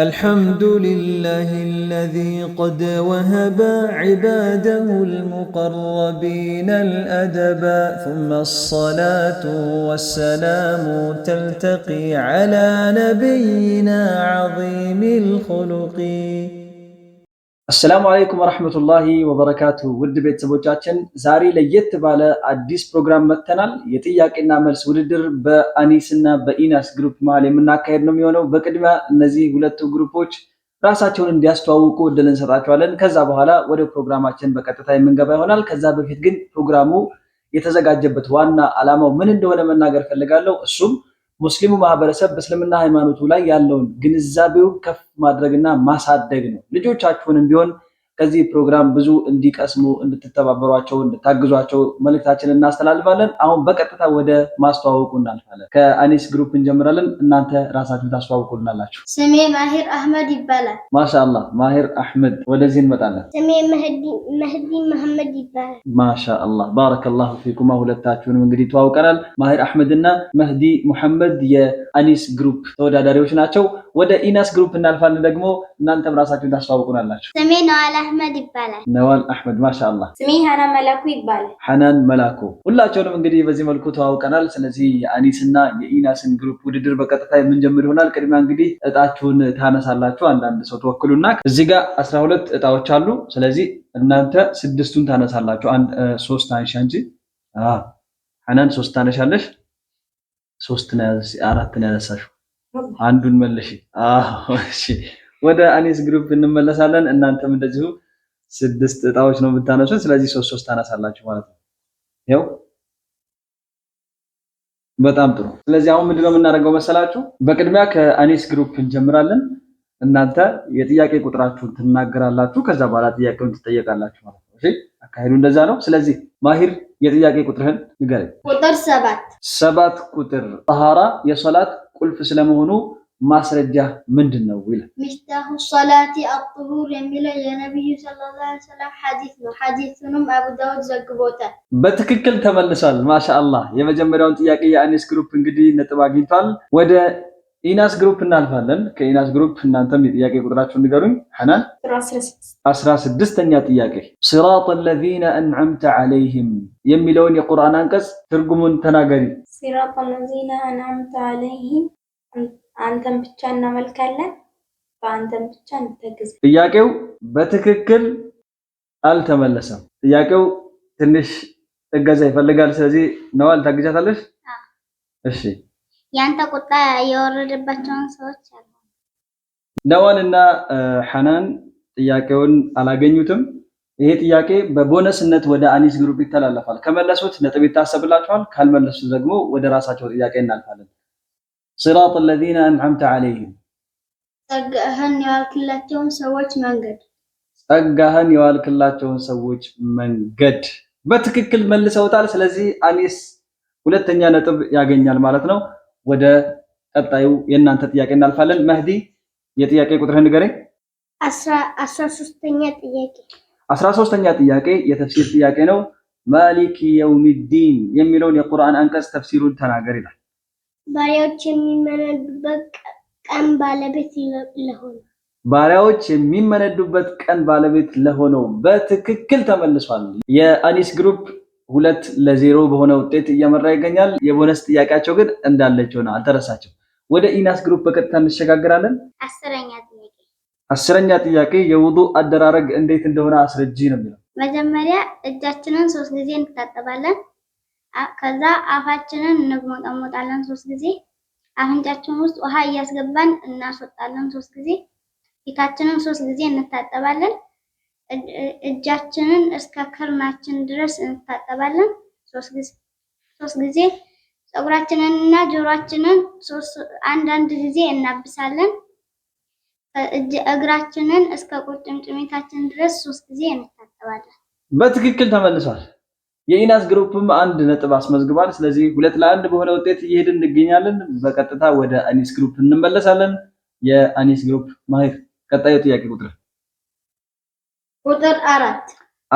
الحمد لله الذي قد وهب عباده المقربين الأدب ثم الصلاة والسلام تلتقي على نبينا عظيم الخلق አሰላሙ አለይኩም ወረህመቱላሂ ወበረካቱ ውድ ቤተሰቦቻችን ዛሬ ለየት ባለ አዲስ ፕሮግራም መጥተናል። የጥያቄና መልስ ውድድር በአኒስ እና በኢናስ ግሩፕ መሀል የምናካሄድ ነው የሚሆነው። በቅድሚያ እነዚህ ሁለቱ ግሩፖች ራሳቸውን እንዲያስተዋውቁ እድል እንሰጣቸዋለን። ከዛ በኋላ ወደ ፕሮግራማችን በቀጥታ የምንገባ ይሆናል። ከዛ በፊት ግን ፕሮግራሙ የተዘጋጀበት ዋና ዓላማው ምን እንደሆነ መናገር ፈልጋለሁ እሱም ሙስሊሙ ማህበረሰብ በእስልምና ሃይማኖቱ ላይ ያለውን ግንዛቤው ከፍ ማድረግና ማሳደግ ነው። ልጆቻችሁንም ቢሆን ከዚህ ፕሮግራም ብዙ እንዲቀስሙ እንድትተባበሯቸው፣ እንድታግዟቸው መልእክታችን እናስተላልፋለን። አሁን በቀጥታ ወደ ማስተዋወቁ እናልፋለን። ከአኒስ ግሩፕ እንጀምራለን። እናንተ ራሳችሁ ታስተዋውቁልናላችሁ። ስሜ ማሄር አህመድ ይባላል። ማሻአላህ ማሄር አህመድ፣ ወደዚህ እንመጣለን። ስሜ መህዲ መሐመድ ይባላል። ማሻአላህ ባረከላሁ ፊኩማ። ሁለታችሁንም እንግዲህ ተዋውቀናል። ማሄር አህመድ እና መህዲ ሙሐመድ የአኒስ ግሩፕ ተወዳዳሪዎች ናቸው። ወደ ኢናስ ግሩፕ እናልፋለን። ደግሞ እናንተም ራሳችሁን ታስተዋውቁናላችሁ። ስሜ ነዋላ አህመድ ይባላል። ነዋል አህመድ ማሻአላ። ስሜ ሀናን መላኩ ይባላል። ሀናን መላኩ። ሁላቸውንም እንግዲህ በዚህ መልኩ ተዋውቀናል። ስለዚህ የአኒስና የኢናስን ግሩፕ ውድድር በቀጥታ የምንጀምር ይሆናል። ቅድሚያ እንግዲህ እጣችሁን ታነሳላችሁ። አንዳንድ ሰው ተወክሉና እዚህ ጋር አስራ ሁለት እጣዎች አሉ። ስለዚህ እናንተ ስድስቱን ታነሳላችሁ። አንድ ሶስት አንሺ አንቺ ሀናን ሶስት ታነሻለሽ። ሶስት አራት ነው ያነሳሽው። አንዱን መልሽ። እሺ ወደ አኒስ ግሩፕ እንመለሳለን። እናንተም እንደዚሁ ስድስት እጣዎች ነው የምታነሱት። ስለዚህ ሶስት ሶስት ታነሳላችሁ ማለት ነው። ይኸው በጣም ጥሩ። ስለዚህ አሁን ምንድነው የምናደርገው መሰላችሁ? በቅድሚያ ከአኒስ ግሩፕ እንጀምራለን። እናንተ የጥያቄ ቁጥራችሁን ትናገራላችሁ። ከዛ በኋላ ጥያቄውን ትጠየቃላችሁ ማለት ነው። እሺ፣ አካሄዱ እንደዛ ነው። ስለዚህ ማሂር የጥያቄ ቁጥርህን ንገረኝ። ቁጥር ሰባት ሰባት ቁጥር ጠሃራ የሶላት ቁልፍ ስለመሆኑ ማስረጃ ምንድን ነው ይላል። ሚፍታሁ ሰላቲ አጥሁር የሚለው የነቢዩ ሰለላሁ ዐለይሂ ሐዲስ ነው። ሐዲሱንም አቡ ዳውድ ዘግቦታል። በትክክል ተመልሷል። ማሻአላህ የመጀመሪያውን ጥያቄ የአኒስ ግሩፕ እንግዲህ ነጥብ አግኝቷል። ወደ ኢናስ ግሩፕ እናልፋለን። ከኢናስ ግሩፕ እናንተም የጥያቄ ቁጥራችሁን ንገሩኝ። ሐናን አስራ ስድስተኛ ጥያቄ ሲራጥ ለዚነ አንዓምተ ዓለይህም የሚለውን የቁርአን አንቀጽ ትርጉሙን ተናገሪ። ሲራጥ ለዚነ አንዓምተ ዐለይሂም አንተን ብቻ እናመልካለን፣ በአንተን ብቻ እንተግዝ። ጥያቄው በትክክል አልተመለሰም። ጥያቄው ትንሽ እገዛ ይፈልጋል። ስለዚህ ነዋል ታግዣታለሽ? እሺ። ያንተ ቁጣ የወረደባቸውን ሰዎች አሉ። ነዋል እና ሐናን ጥያቄውን አላገኙትም። ይሄ ጥያቄ በቦነስነት ወደ አኒስ ግሩፕ ይተላለፋል። ከመለሱት ነጥብ ይታሰብላቸዋል፣ ካልመለሱት ደግሞ ወደ ራሳቸው ጥያቄ እናልፋለን። ሲራጥ አለዚነ አንዓምተ ዓለይሂም ጸጋህን የዋልክላቸውን ሰዎች መንገድ ጸጋህን የዋልክላቸውን ሰዎች መንገድ በትክክል መልሰውታል። ስለዚህ አኒስ ሁለተኛ ነጥብ ያገኛል ማለት ነው። ወደ ቀጣዩ የእናንተ ጥያቄ እናልፋለን። መህዲ የጥያቄ ቁጥርህን ንገረኝ። አስራ ሶስተኛ ጥያቄ የተፍሲር ጥያቄ ነው። ማሊክ የውሚዲን የሚለውን የቁርአን አንቀጽ ተፍሲሩን ተናገር ይላል። ባሪያዎች የሚመነዱበት ቀን ባለቤት ለሆነው ባሪያዎች የሚመነዱበት ቀን ባለቤት ለሆነው በትክክል ተመልሷል። የአኒስ ግሩፕ ሁለት ለዜሮ በሆነ ውጤት እየመራ ይገኛል። የቦነስ ጥያቄያቸው ግን እንዳለቸው ነው፣ አልተረሳቸው። ወደ ኢናስ ግሩፕ በቀጥታ እንሸጋግራለን። አስረኛ ጥያቄ አስረኛ ጥያቄ የውዱ አደራረግ እንዴት እንደሆነ አስረጂ ነው የሚለው። መጀመሪያ እጃችንን ሶስት ጊዜ እንታጠባለን። ከዛ አፋችንን እንግሞጠሞጣለን ሶስት ጊዜ። አፍንጫችን ውስጥ ውሃ እያስገባን እናስወጣለን ሶስት ጊዜ። ፊታችንን ሶስት ጊዜ እንታጠባለን። እጃችንን እስከ ክርናችን ድረስ እንታጠባለን ሶስት ጊዜ ሶስት ጊዜ። እና ጆሮአችንን አንዳንድ ጊዜ እናብሳለን። እግራችንን እስከ ቁርጭምጭሚታችን ድረስ ሶስት ጊዜ እንታጠባለን። በትክክል ተመልሷል። የኢናስ ግሩፕም አንድ ነጥብ አስመዝግቧል። ስለዚህ ሁለት ለአንድ በሆነ ውጤት እየሄድን እንገኛለን። በቀጥታ ወደ አኒስ ግሩፕ እንመለሳለን። የአኒስ ግሩፕ ማሄር፣ ቀጣዩ ጥያቄ ቁጥር ቁጥር አራት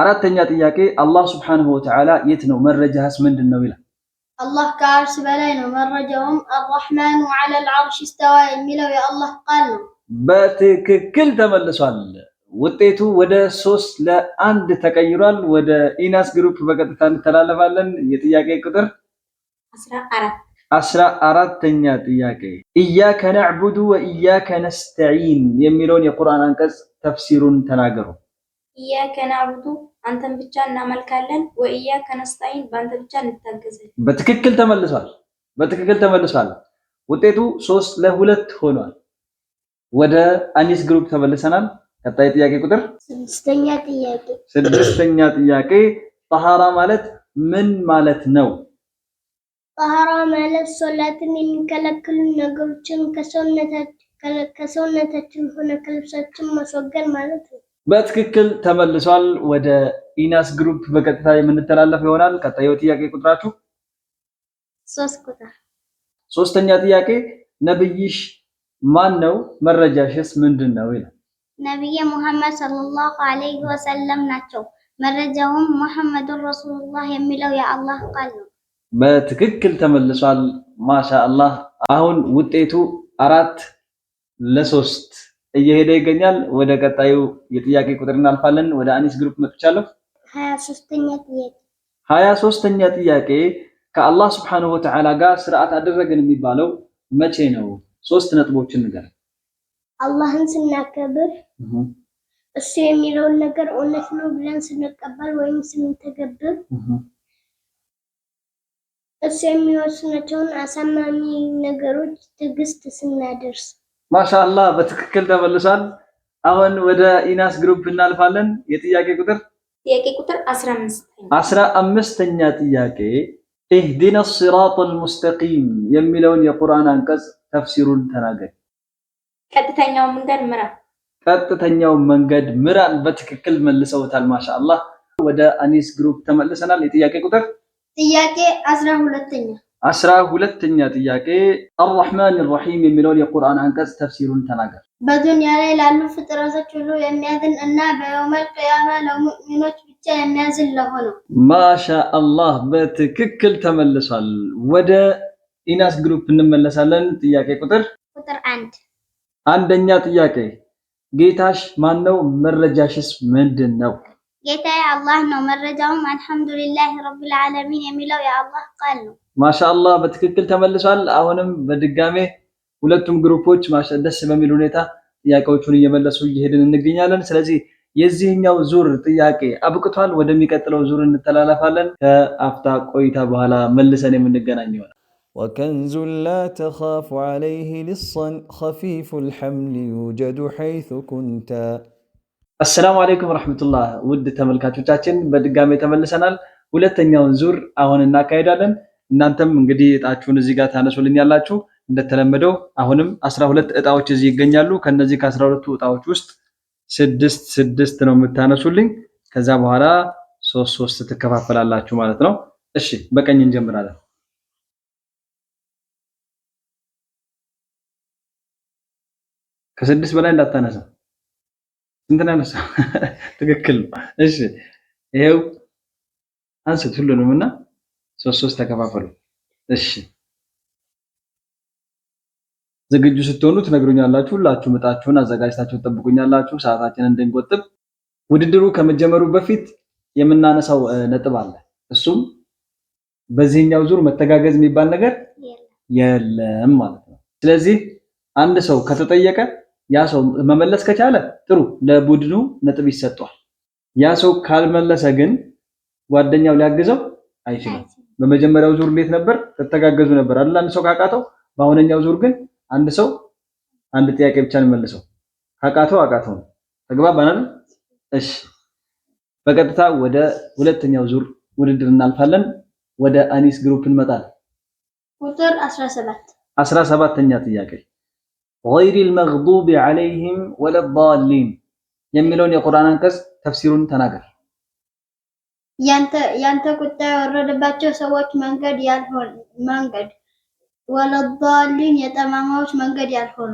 አራተኛ ጥያቄ አላህ ስብሓንሁ ወተዓላ የት ነው መረጃስ ምንድን ነው ይላል። አላህ ከአርሽ በላይ ነው መረጃውም አራሕማኑ ዐለል ዐርሽ ስተዋ የሚለው የአላህ ቃል ነው። በትክክል ተመልሷል። ውጤቱ ወደ ሶስት ለአንድ ተቀይሯል። ወደ ኢናስ ግሩፕ በቀጥታ እንተላለፋለን። የጥያቄ ቁጥር አስራ አራተኛ ጥያቄ እያከ ነዕቡዱ ወእያከ ነስተዒን የሚለውን የቁርአን አንቀጽ ተፍሲሩን ተናገሩ። እያከ ነዕቡዱ አንተን ብቻ እናመልካለን፣ ወእያከ ነስተዒን በአንተ ብቻ እንታገዛለን። በትክክል ተመልሷል። በትክክል ተመልሷል። ውጤቱ ሶስት ለሁለት ሆኗል። ወደ አኒስ ግሩፕ ተመልሰናል። ቀጣይ ጥያቄ ቁጥር ስድስተኛ ጥያቄ ስድስተኛ ጥያቄ ጣሃራ ማለት ምን ማለት ነው? ጣሃራ ማለት ሶላትን የሚከለክሉ ነገሮችን ከሰውነታችን ሆነ ከልብሳችን ማስወገድ ማለት ነው። በትክክል ተመልሷል። ወደ ኢናስ ግሩፕ በቀጥታ የምንተላለፍ ይሆናል። ቀጣዩ ጥያቄ ቁጥራችሁ ሶስት ቁጥር ሶስተኛ ጥያቄ ነብይሽ ማን ነው? መረጃሽስ ምንድን ነው ይላል ነቢየ ሙሐመድ ሰለላሁ አለይሂ ወሰለም ናቸው። መረጃውም ሙሐመዱን ረሱሉላህ የሚለው የአላህ ቃል ነው። በትክክል ተመልሷል። ማሻ አሁን ውጤቱ አራት ለሶስት እየሄደ ይገኛል። ወደ ቀጣዩ የጥያቄ ቁጥር እናልፋለን። ወደ አኒስ ግሩፕ መጥቻለሁ። ሀያ ሶስተኛ ጥያቄ ከአላህ ስብሐነሁ ወተዓላ ጋር ስርዓት አደረግን የሚባለው መቼ ነው? ሶስት ነጥቦችን ንገር አላህን ስናከብር እሱ የሚለውን ነገር እውነት ነው ብለን ስንቀበል ወይም ስንተገብር እሱ የሚወስናቸውን አሳማሚ ነገሮች ትዕግስት ስናደርስ። ማሻአላ በትክክል ተመልሷል። አሁን ወደ ኢናስ ግሩፕ እናልፋለን። የጥያቄ ቁጥር ጥያቄ ቁጥር 15 15ኛ ጥያቄ ኢህዲና ሲራጠል ሙስተቂም የሚለውን የቁርአን አንቀጽ ተፍሲሩን ተናገር። ቀጥተኛውን መንገድ ምራን ቀጥተኛውን መንገድ ምራን በትክክል መልሰውታል። ማሻአላ ወደ አኒስ ግሩፕ ተመልሰናል። የጥያቄ ቁጥር ጥያቄ አስራ ሁለተኛ አስራ ሁለተኛ ጥያቄ አርራህማን አርራሂም የሚለውን የቁርአን አንቀጽ ተፍሲሩን ተናገር። በዱንያ ላይ ላሉ ፍጥረቶች ሁሉ የሚያዝን እና በየውመል ቅያማ ለሙእሚኖች ብቻ የሚያዝን ለሆነው። ማሻ አላህ በትክክል ተመልሷል። ወደ ኢናስ ግሩፕ እንመለሳለን። ጥያቄ ቁጥር ቁጥር አንድ አንደኛ ጥያቄ ጌታሽ ማን ነው? መረጃሽስ ምንድን ነው? ጌታዬ አላህ ነው። መረጃውም አልሐምዱሊላህ ረብል ዓለሚን የሚለው የአላህ ቃል ነው። ማሻአላህ በትክክል ተመልሷል። አሁንም በድጋሜ ሁለቱም ግሩፖች ደስ በሚል ሁኔታ ጥያቄዎቹን እየመለሱ እየሄድን እንገኛለን። ስለዚህ የዚህኛው ዙር ጥያቄ አብቅቷል። ወደሚቀጥለው ዙር እንተላለፋለን። ከአፍታ ቆይታ በኋላ መልሰን የምንገናኝ ይሆናል። وكنز لا تخاف عليه لصا خفيف الحمل يوجد حيث كنت አሰላሙ አለይኩም ወረሕመቱላህ ውድ ተመልካቾቻችን በድጋሚ ተመልሰናል። ሁለተኛውን ዙር አሁን እናካሄዳለን። እናንተም እንግዲህ እጣችሁን እዚህ ጋር ታነሱልኝ ያላችሁ እንደተለመደው አሁንም አስራ ሁለት እጣዎች እዚህ ይገኛሉ። ከነዚህ ከአስራ ሁለቱ እጣዎች ውስጥ ስድስት ስድስት ነው የምታነሱልኝ። ከዛ በኋላ ሶስት ሶስት ትከፋፈላላችሁ ማለት ነው። እሺ በቀኝ እንጀምራለን። ከስድስት በላይ እንዳታነሳ። ስንት አነሳ? ትክክል ነው። እሺ ይሄው አንስት ሁሉንም እና ሶስት ሶስት ተከፋፈሉ። እሺ ዝግጁ ስትሆኑ ትነግሩኛላችሁ። ሁላችሁ ምጣችሁን አዘጋጅታችሁ ትጠብቁኛላችሁ፣ ሰዓታችንን እንድንቆጥብ። ውድድሩ ከመጀመሩ በፊት የምናነሳው ነጥብ አለ። እሱም በዚህኛው ዙር መተጋገዝ የሚባል ነገር የለም ማለት ነው። ስለዚህ አንድ ሰው ከተጠየቀ ያ ሰው መመለስ ከቻለ ጥሩ ለቡድኑ ነጥብ ይሰጠዋል። ያ ሰው ካልመለሰ ግን ጓደኛው ሊያግዘው አይችልም። በመጀመሪያው ዙር እንዴት ነበር? ተተጋገዙ ነበር አይደል? አንድ ሰው ካቃተው፣ በአሁነኛው ዙር ግን አንድ ሰው አንድ ጥያቄ ብቻ ነው መልሰው። ካቃተው አቃተው ነው። ተግባባን እሺ፣ በቀጥታ ወደ ሁለተኛው ዙር ውድድር እናልፋለን። ወደ አኒስ ግሩፕ እንመጣለን። ቁጥር 17 17ኛ ጥያቄ ገይሪ ልመግዱቢ ዓለይህም ወለዳሊን የሚለውን የቁርአን አንቀጽ ተፍሲሩን ተናገር። ያንተ ቁጣ የወረደባቸው ሰዎች መንገድ ያልሆን መንገድ ወለዳሊን የጠማማዎች መንገድ ያልሆኑ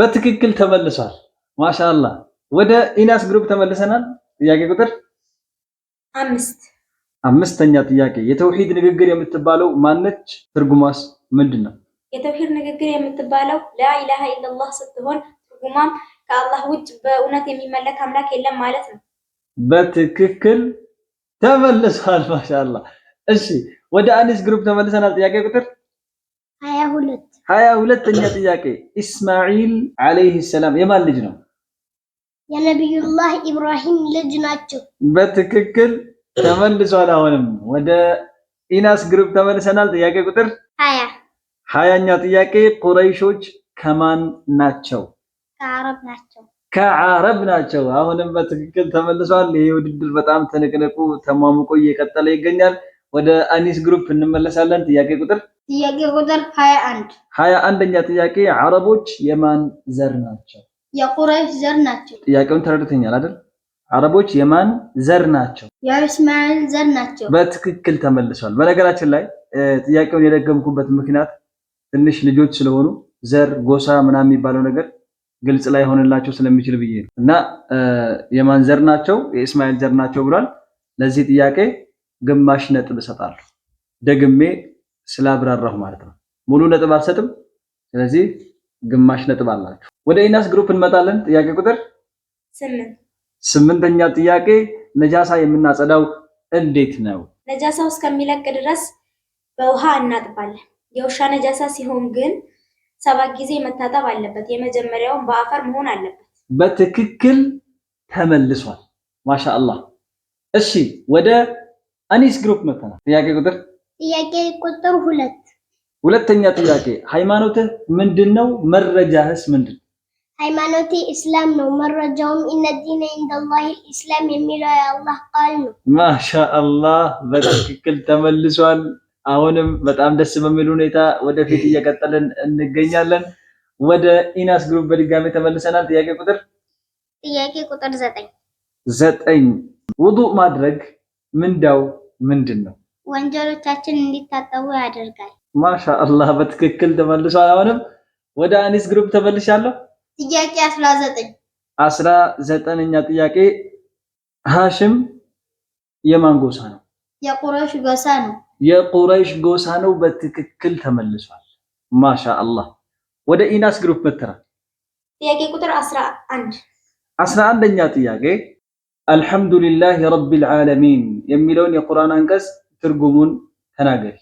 በትክክል ተመልሷል። ማሻአላህ ወደ ኢናስ ግሩፕ ተመልሰናል። ጥያቄ ቁጥር አምስት አምስተኛ ጥያቄ የተውሂድ ንግግር የምትባለው ማነች? ትርጉሟስ ምንድን ነው? የተውሂድ ንግግር የምትባለው ላኢላሃ ኢለላህ ስትሆን ትርጉሟም ከአላህ ውጭ በእውነት የሚመለክ አምላክ የለም ማለት ነው። በትክክል ተመልሷል። ማሻአላ። እሺ ወደ አኒስ ግሩፕ ተመልሰናል። ጥያቄ ቁጥር ሀያ ሁለት ሀያ ሁለተኛ ጥያቄ ኢስማዒል አለይሂ ሰላም የማን ልጅ ነው? የነቢዩላህ ኢብራሂም ልጅ ናቸው። በትክክል ተመልሷል። አሁንም ወደ ኢናስ ግሩፕ ተመልሰናል። ጥያቄ ቁጥር ሀያ ሀያኛ ጥያቄ ቁረይሾች ከማን ናቸው? ከአረብ ናቸው። ከአረብ ናቸው። አሁንም በትክክል ተመልሷል። ይህ ውድድር በጣም ትንቅንቁ ተሟሙቆ እየቀጠለ ይገኛል። ወደ አኒስ ግሩፕ እንመለሳለን። ጥያቄ ቁጥር ጥያቄ ቁጥር 21 21ኛ ጥያቄ አረቦች የማን ዘር ናቸው? የቁረይሽ ዘር ናቸው። ጥያቄውን ተረድተኛል አይደል? አረቦች የማን ዘር ናቸው? የእስማኤል ዘር ናቸው። በትክክል ተመልሷል። በነገራችን ላይ ጥያቄውን የደገምኩበት ምክንያት ትንሽ ልጆች ስለሆኑ ዘር ጎሳ ምናምን የሚባለው ነገር ግልጽ ላይ ሆንላቸው ስለሚችል ብዬ ነው። እና የማን ዘር ናቸው? የእስማኤል ዘር ናቸው ብሏል። ለዚህ ጥያቄ ግማሽ ነጥብ እሰጣለሁ፣ ደግሜ ስላብራራሁ ማለት ነው። ሙሉ ነጥብ አልሰጥም። ስለዚህ ግማሽ ነጥብ አላችሁ። ወደ ኢናስ ግሩፕ እንመጣለን። ጥያቄ ቁጥር ስምንተኛ ጥያቄ ነጃሳ የምናጸዳው እንዴት ነው? ነጃሳው እስከሚለቅ ድረስ በውሃ እናጥባለን። የውሻ ነጃሳ ሲሆን ግን ሰባት ጊዜ መታጠብ አለበት። የመጀመሪያውን በአፈር መሆን አለበት። በትክክል ተመልሷል። ማሻአላህ። እሺ ወደ አኒስ ግሩፕ መተናል። ጥያቄ ቁጥር ጥያቄ ቁጥር ሁለት ሁለተኛ ጥያቄ ሃይማኖትህ ምንድን ነው? መረጃህስ ምንድን ነው? ሃይማኖቴ እስላም ነው። መረጃውም ኢነዲነ ኢንደላሂ ኢስላም የሚለው የአላህ ቃል ነው። ማሻአላህ በትክክል ተመልሷል። አሁንም በጣም ደስ በሚል ሁኔታ ወደፊት እየቀጠልን እንገኛለን። ወደ ኢናስ ግሩፕ በድጋሚ ተመልሰናል። ጥያቄ ቁጥር ጥያቄ ቁጥር ዘጠኝ ዘጠኝ ውዱእ ማድረግ ምንዳው ምንድን ነው? ወንጀሎቻችን እንዲታጠቡ ያደርጋል። ማሻአላህ በትክክል ተመልሷል። አሁንም ወደ አኒስ ግሩፕ ተመልሻለሁ። ጥያቄ 19 19ኛ ጥያቄ ሀሽም የማን ጎሳ ነው? የቁረሽ ጎሳ ነው። የቁረይሽ ጎሳ ነው። በትክክል ተመልሷል። ማሻ አላህ። ወደ ኢናስ ግሩፕ መተናል። ጥያቄ ቁጥር 11 11ኛ ጥያቄ አልሐምዱሊላህ ረቢል ዓለሚን የሚለውን የቁርአን አንቀጽ ትርጉሙን ተናገሪ።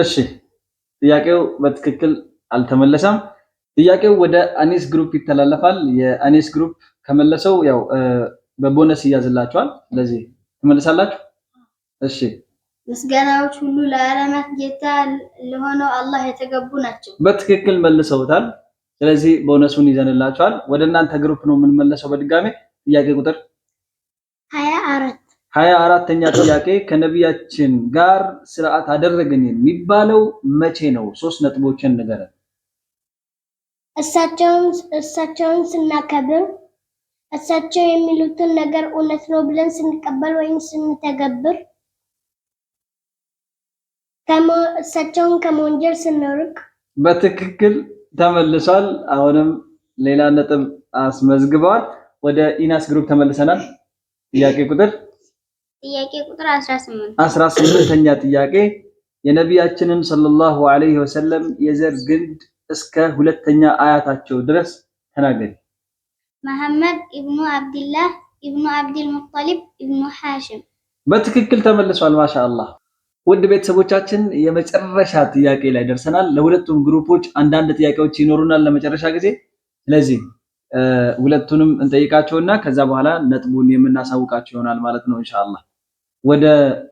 እሺ ጥያቄው በትክክል አልተመለሰም። ጥያቄው ወደ አኒስ ግሩፕ ይተላለፋል። የአኒስ ግሩፕ ከመለሰው ያው በቦነስ ይያዝላችኋል። ስለዚህ ትመልሳላችሁ። እሺ ምስጋናዎች ሁሉ ለዓለማት ጌታ ለሆነው አላህ የተገቡ ናቸው። በትክክል መልሰውታል። ስለዚህ ቦነሱን ይዘንላችኋል። ወደ እናንተ ግሩፕ ነው የምንመለሰው። በድጋሜ ጥያቄ ቁጥር ሀያ አራት ሀያ አራተኛ ጥያቄ ከነቢያችን ጋር ስርዓት አደረገን የሚባለው መቼ ነው? ሶስት ነጥቦችን ንገረን። እሳቸውን እሳቸውን ስናከብር እሳቸው የሚሉትን ነገር እውነት ነው ብለን ስንቀበል ወይም ስንተገብር፣ እሳቸውን ከመወንጀል ስንርቅ። በትክክል ተመልሷል። አሁንም ሌላ ነጥብ አስመዝግበዋል። ወደ ኢናስ ግሩፕ ተመልሰናል። ጥያቄ ቁጥር ጥያቄ ቁጥር 18 18ኛ ጥያቄ የነቢያችንን ሰለላሁ ዐለይሂ ወሰለም የዘር ግንድ እስከ ሁለተኛ አያታቸው ድረስ ተናገሪ። መሐመድ ኢብኑ አብድላህ ኢብኑ አብድል ሙጠሊብ ኢብኑ ሐሽም በትክክል ተመልሷል። ማሻአላህ ውድ ቤተሰቦቻችን የመጨረሻ ጥያቄ ላይ ደርሰናል። ለሁለቱም ግሩፖች አንዳንድ ጥያቄዎች ይኖሩናል ለመጨረሻ ጊዜ። ስለዚህ ሁለቱንም እንጠይቃቸውና ከዛ በኋላ ነጥቡን የምናሳውቃቸው ይሆናል ማለት ነው ኢንሻአላህ። ወደ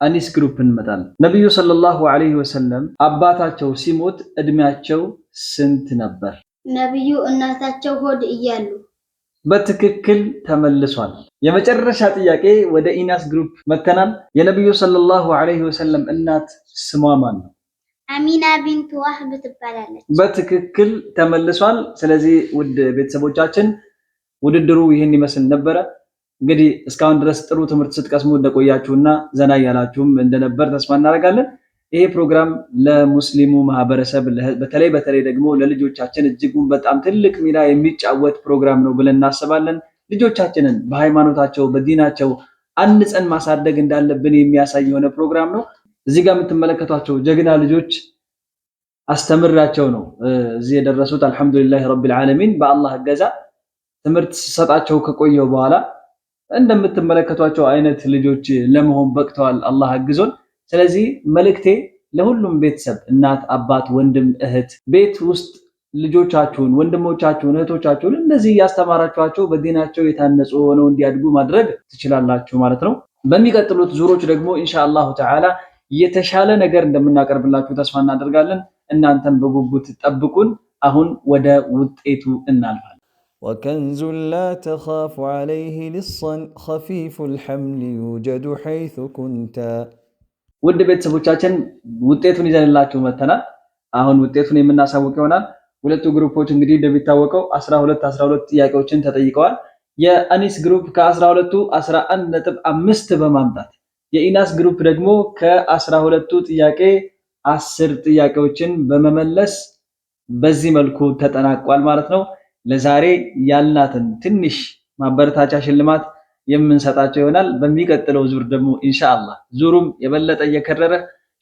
አኒስ ግሩፕ እንመጣለን። ነቢዩ ሰለላሁ ዐለይሂ ወሰለም አባታቸው ሲሞት እድሜያቸው ስንት ነበር? ነቢዩ እናታቸው ሆድ እያሉ በትክክል ተመልሷል። የመጨረሻ ጥያቄ ወደ ኢናስ ግሩፕ መተናል። የነቢዩ ሰለላሁ ዐለይሂ ወሰለም እናት ስሟ ማን ነው? አሚና ቢንት ዋህብ ትባላለች። በትክክል ተመልሷል። ስለዚህ ውድ ቤተሰቦቻችን ውድድሩ ይህን ይመስል ነበረ። እንግዲህ እስካሁን ድረስ ጥሩ ትምህርት ስትቀስሙ እንደቆያችሁና ዘና እያላችሁም እንደነበር ተስፋ እናደርጋለን። ይሄ ፕሮግራም ለሙስሊሙ ማህበረሰብ በተለይ በተለይ ደግሞ ለልጆቻችን እጅጉን በጣም ትልቅ ሚና የሚጫወት ፕሮግራም ነው ብለን እናስባለን። ልጆቻችንን በሃይማኖታቸው በዲናቸው አንጸን ማሳደግ እንዳለብን የሚያሳይ የሆነ ፕሮግራም ነው። እዚህ ጋር የምትመለከቷቸው ጀግና ልጆች አስተምራቸው ነው እዚህ የደረሱት። አልሐምዱሊላህ ረቢል ዓለሚን በአላህ እገዛ ትምህርት ስሰጣቸው ከቆየው በኋላ እንደምትመለከቷቸው አይነት ልጆች ለመሆን በቅተዋል። አላህ አግዞን። ስለዚህ መልእክቴ ለሁሉም ቤተሰብ እናት፣ አባት፣ ወንድም፣ እህት ቤት ውስጥ ልጆቻችሁን፣ ወንድሞቻችሁን፣ እህቶቻችሁን እንደዚህ እያስተማራችኋቸው በዲናቸው የታነጹ ሆነው እንዲያድጉ ማድረግ ትችላላችሁ ማለት ነው። በሚቀጥሉት ዙሮች ደግሞ ኢንሻአላሁ ተዓላ የተሻለ ነገር እንደምናቀርብላችሁ ተስፋ እናደርጋለን። እናንተም በጉጉት ጠብቁን። አሁን ወደ ውጤቱ እናልፋለን። وكنز لا تخاف عليه لصا خفيف الحمل يوجد حيث كنت ውድ ቤተሰቦቻችን ውጤቱን ይዘንላችሁ መተናል። አሁን ውጤቱን የምናሳውቅ ይሆናል። ሁለቱ ግሩፖች እንግዲህ እንደሚታወቀው 12 12 ጥያቄዎችን ተጠይቀዋል። የአኒስ ግሩፕ ከ 12 11 ነጥብ አምስት በማምጣት የኢናስ ግሩፕ ደግሞ ከ12ቱ ጥያቄ አስር ጥያቄዎችን በመመለስ በዚህ መልኩ ተጠናቋል ማለት ነው። ለዛሬ ያላትን ትንሽ ማበረታቻ ሽልማት የምንሰጣቸው ይሆናል። በሚቀጥለው ዙር ደግሞ ኢንሻአላህ ዙሩም የበለጠ እየከረረ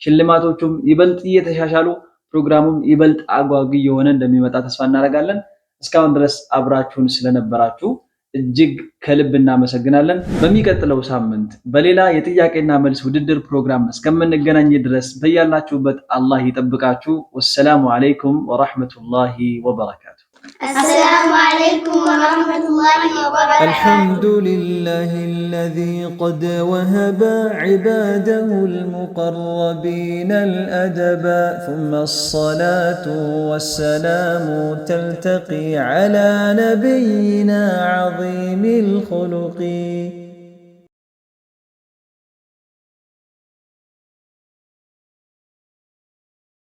ሽልማቶቹም ይበልጥ እየተሻሻሉ ፕሮግራሙም ይበልጥ አጓጊ የሆነ እንደሚመጣ ተስፋ እናደርጋለን። እስካሁን ድረስ አብራችሁን ስለነበራችሁ እጅግ ከልብ እናመሰግናለን። በሚቀጥለው ሳምንት በሌላ የጥያቄና መልስ ውድድር ፕሮግራም እስከምንገናኝ ድረስ በያላችሁበት አላህ ይጠብቃችሁ። ወሰላሙ አለይኩም ወራህመቱላሂ ወበረካቱ። السلام عليكم ورحمة الله وبركاته الحمد لله الذي قد وهب عباده المقربين الأدبا ثم الصلاة والسلام تلتقي على نبينا عظيم الخلق